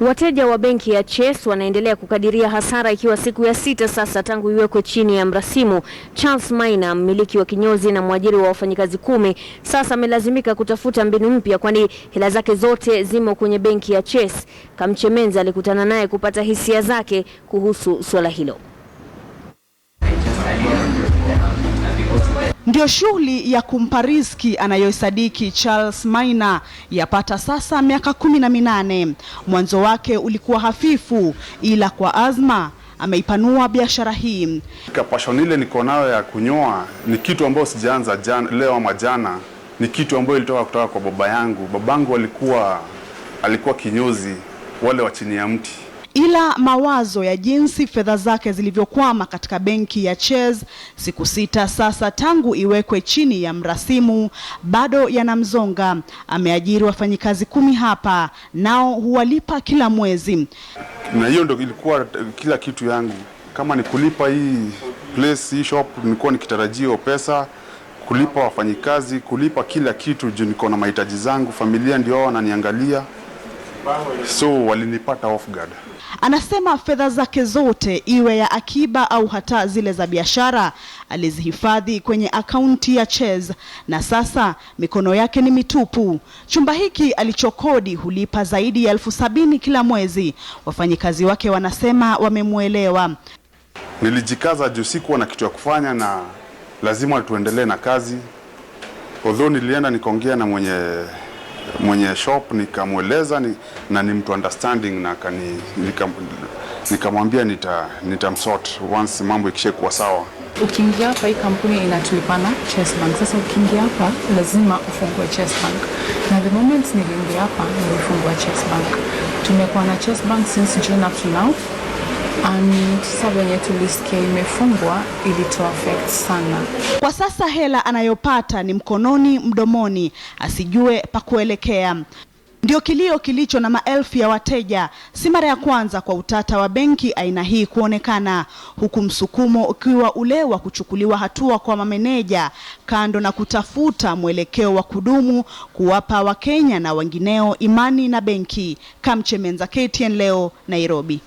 Wateja wa benki ya Chase wanaendelea kukadiria hasara ikiwa siku ya sita sasa tangu iwekwe chini ya mrasimu. Charles Maina, mmiliki wa kinyozi na mwajiri wa wafanyikazi kumi, sasa amelazimika kutafuta mbinu mpya, kwani hela zake zote zimo kwenye benki ya Chase. Kamchemenza alikutana naye kupata hisia zake kuhusu suala hilo. Ndio shughuli ya kumpa riziki anayoisadiki Charles Maina yapata sasa miaka kumi na minane. Mwanzo wake ulikuwa hafifu, ila kwa azma ameipanua biashara hii. Kapashon ile niko nayo ya kunyoa ni kitu ambayo sijaanza jana, leo ama jana. Ni kitu ambayo ilitoka kutoka kwa baba yangu. Babangu alikuwa alikuwa kinyozi wale wa chini ya mti ila mawazo ya jinsi fedha zake zilivyokwama katika benki ya Chase siku sita sasa tangu iwekwe chini ya mrasimu bado yanamzonga. Ameajiri wafanyikazi kumi hapa, nao huwalipa kila mwezi, na hiyo ndio ilikuwa kila kitu yangu, kama ni kulipa hii place hii shop, nilikuwa nikitarajia pesa kulipa wafanyikazi, kulipa kila kitu juu niko na mahitaji zangu, familia ndio wananiangalia so walinipata off guard. Anasema fedha zake zote iwe ya akiba au hata zile za biashara alizihifadhi kwenye akaunti ya Chez na sasa mikono yake ni mitupu. Chumba hiki alichokodi hulipa zaidi ya elfu sabini kila mwezi. Wafanyikazi wake wanasema wamemwelewa. Nilijikaza juu sikuwa na kitu ya kufanya na lazima tuendelee na kazi. Although nilienda nikaongea na mwenye mwenye shop nikamweleza ni, na ni mtu understanding na kani, nikamwambia nika nitamsort nita once mambo kuwa sawa. Ukiingia hapa hii kampuni inatulipana Chase Bank. Sasa ukiingia hapa lazima ufungue Chase Bank, na the moment niliingia hapa nilifungua Chase Bank. Tumekuwa na Chase Bank since June up to now and sasa venye tulisikia imefungwa ilito affect sana. Kwa sasa hela anayopata ni mkononi mdomoni, asijue pa kuelekea. Ndio kilio kilicho na maelfu ya wateja. Si mara ya kwanza kwa utata wa benki aina hii kuonekana, huku msukumo ukiwa ule wa kuchukuliwa hatua kwa mameneja, kando na kutafuta mwelekeo wa kudumu, kuwapa Wakenya na wengineo imani na benki. Kamchemenza, KTN leo, Nairobi.